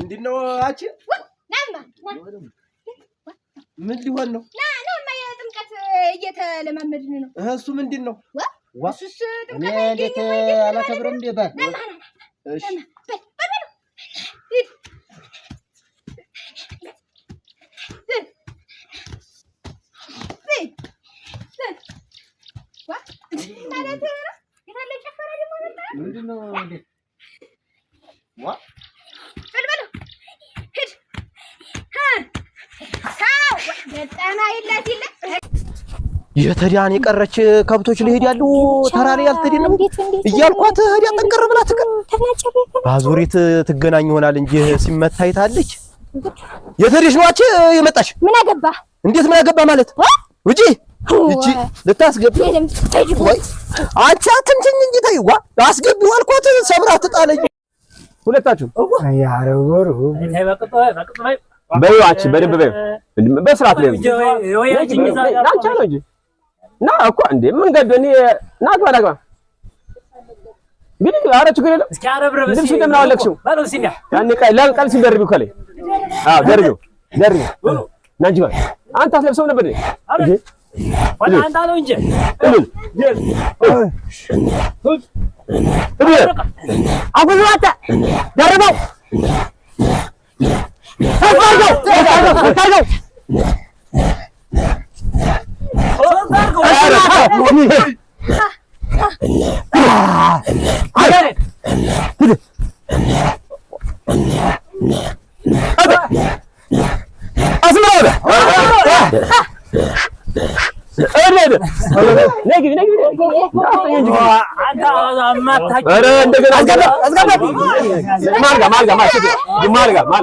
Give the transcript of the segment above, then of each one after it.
ምንድን ነው አችን ምን ሊሆን ነው? ጥምቀት እየተለማመድን ነው። እሱ ምንድን ነው? እኔ እንዴት አላከብርም እንዴ ባል ማለት የተዳን የቀረች ከብቶች ልሄድ ያሉ ተራ ላይ ያልተደነ እያልኳት ብላ ባዙሪት ትገናኝ ይሆናል እንጂ ሲመታ ይታለች። የመጣሽ ምን አገባ? እንዴት ምን አገባ ማለት ውጪ እቺ ልታስገቢ አንቺ እንጂ ተይዋ አልኳት። ሰብራ ትጣለኝ ሁለታችሁ በይው አንቺ በደንብ በይው። በስርዓት ላይ ነው ነው እንጂ ና እኮ እንዴ ምን ገደ እኔ ና ግባ ና ግባ ቢልክ አረ ችግር የለም። ልብሱ እንደምን አወለቅሽው? ያኔ ቃል ቀልስ ደርቢው ከላይ አዎ፣ ደርቢው ደርቢው ና እንጂ አንተ አትለብሰውም ነበር እንዴ? አንተ ነው እንጂ ደርበው అసలు లేదు నీకు నీకు మార్గ మార్గ మార్గ మార్గ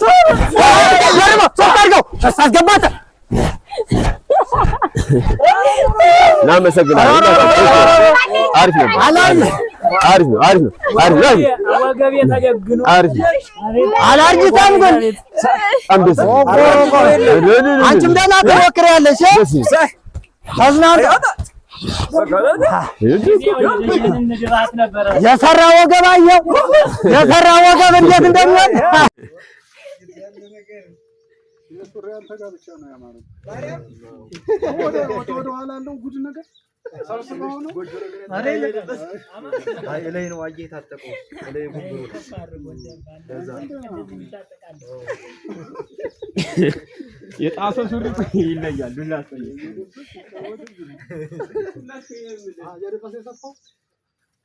వరండి አስገባት ናመሰግናለን። አሪፍ ነው፣ አሪፍ ነው፣ አሪፍ ነው፣ አሪፍ ነው። አላርጅታም ግን አንቺም ደህና ትሞክሪያለሽ። የሰራ ወገብ አየው፣ የሰራ ወገብ እንዴት እንደሚሆን የሱሪ አንተ ጋር ብቻ ነው ያማረው። ወደ ኋላ አለው ጉድ ነገር ሰብስበው ነው ላይ ነው አየህ የታጠቀው ላይ ጉድ የጣሰ ሱሪ ይለያል።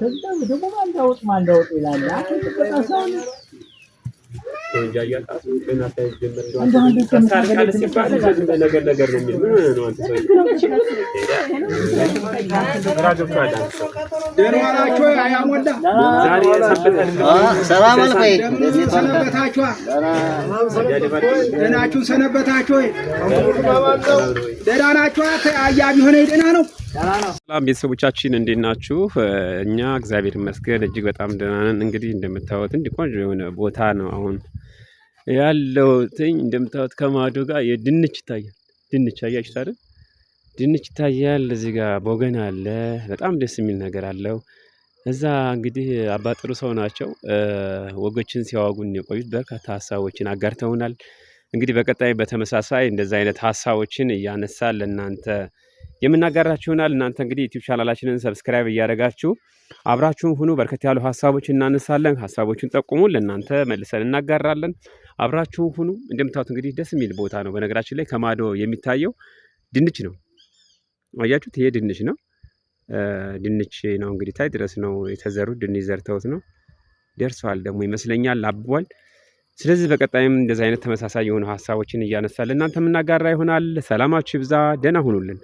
Sandali, dumumandawot-mandawot ilan. Bakit ito kasama? ደህናችሁ ሰነበታችሁ ደህና ናችሁ? አያቢ ሆነ ደህና ነው። ሰላም ቤተሰቦቻችን እንዴት ናችሁ? እኛ እግዚአብሔር ይመስገን እጅግ በጣም ደህና ነን። እንግዲህ እንደምታዩት እንዲህ ቆንጆ የሆነ ቦታ ነው አሁን ያለሁትኝ እንደምታዩት ከማዶ ጋር የድንች ይታያል። ድንች አያችሁት አይደል? ድንች ይታያል። እዚህ ጋር ቦገን አለ። በጣም ደስ የሚል ነገር አለው። እዛ እንግዲህ አባጥሩ ሰው ናቸው። ወጎችን ሲያዋጉን የቆዩት በርካታ ሀሳቦችን አጋርተውናል። እንግዲህ በቀጣይ በተመሳሳይ እንደዚ አይነት ሀሳቦችን እያነሳ ለእናንተ የምናጋራችሁናል። እናንተ እንግዲህ ዩቲብ ቻናላችንን ሰብስክራይብ እያደረጋችሁ አብራችሁን ሁኑ። በርከት ያሉ ሀሳቦችን እናነሳለን። ሀሳቦችን ጠቁሙ፣ ለእናንተ መልሰን እናጋራለን። አብራችሁ ሁኑ። እንደምታዩት እንግዲህ ደስ የሚል ቦታ ነው። በነገራችን ላይ ከማዶ የሚታየው ድንች ነው። አያችሁት? ይሄ ድንች ነው። ድንች ነው እንግዲህ ታይ ድረስ ነው የተዘሩ ድንች ዘርተውት ነው ደርሰዋል ደግሞ ይመስለኛል አብቧል። ስለዚህ በቀጣይም እንደዚህ አይነት ተመሳሳይ የሆኑ ሀሳቦችን እያነሳል እናንተ የምናጋራ ይሆናል። ሰላማችሁ ይብዛ። ደህና ሁኑልን።